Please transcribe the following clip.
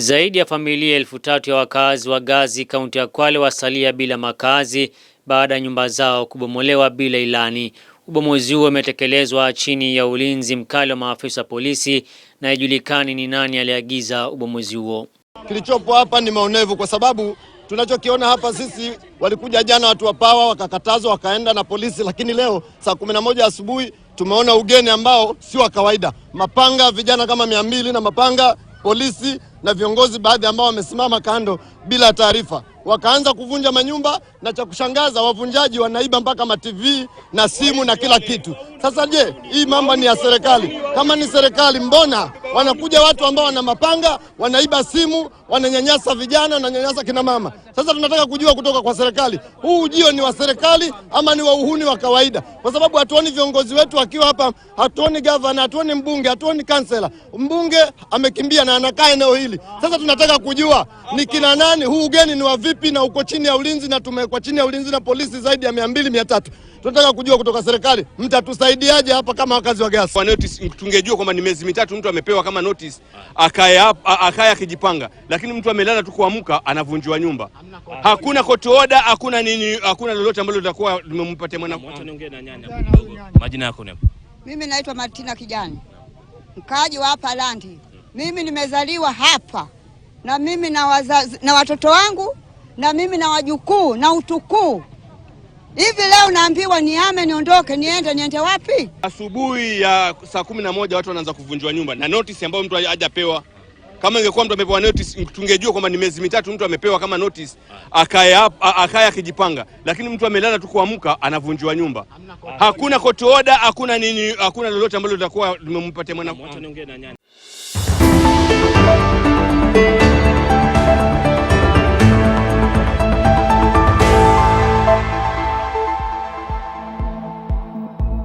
Zaidi ya familia elfu tatu ya wakazi wa Gazi kaunti ya Kwale wasalia bila makazi baada ya nyumba zao kubomolewa bila ilani. Ubomozi huo umetekelezwa chini ya ulinzi mkali wa maafisa polisi na haijulikani ni nani aliagiza ubomozi huo. Kilichopo hapa ni maonevu, kwa sababu tunachokiona hapa sisi, walikuja jana watu wa pawa wakakatazwa, wakaenda na polisi, lakini leo saa kumi na moja asubuhi tumeona ugeni ambao si wa kawaida, mapanga, vijana kama mia mbili na mapanga polisi na viongozi baadhi ambao wamesimama kando bila taarifa, wakaanza kuvunja manyumba, na cha kushangaza wavunjaji wanaiba mpaka matv na simu na kila kitu. Sasa je, hii mambo ni ya serikali? Kama ni serikali, mbona wanakuja watu ambao wana mapanga, wanaiba simu, wananyanyasa vijana, wananyanyasa kina mama? Sasa tunataka kujua kutoka kwa serikali, huu ujio ni wa serikali ama ni wa uhuni wa kawaida? Kwa sababu hatuoni viongozi wetu wakiwa hapa, hatuoni gavana, hatuoni mbunge, hatuoni kansela. Mbunge amekimbia na anakaa eneo hili hili. Sasa tunataka kujua ni kina nani, huu ugeni ni wa vipi na uko chini ya ulinzi na tumekwa chini ya ulinzi na polisi zaidi ya mia mbili mia tatu. Tunataka kujua kutoka serikali mtatusaidiaje hapa kama wakazi wa Gaza. Kwa notice tungejua kwamba ni miezi mitatu mtu amepewa kama notice akaya akaya akijipanga, lakini mtu amelala tu kuamka anavunjiwa nyumba, hakuna court order, hakuna nini, hakuna lolote ambalo litakuwa limempatia mwana. Majina yako nani? Mimi naitwa Martina Kijani, mkaaji wa hapa Landi. Mimi nimezaliwa hapa na mimi na, wazazi, na watoto wangu na mimi na wajukuu na utukuu. Hivi leo naambiwa niame niondoke, niende, niende wapi? Asubuhi ya saa kumi na moja watu wanaanza kuvunjwa nyumba na notisi ambayo mtu hajapewa. Kama ingekuwa mtu amepewa notice, tungejua kwamba ni miezi mitatu mtu amepewa kama notice, akae akae akijipanga, lakini mtu amelala tu kuamka anavunjwa nyumba, hakuna court order, hakuna nini, hakuna lolote ambalo litakuwa limempatia mwana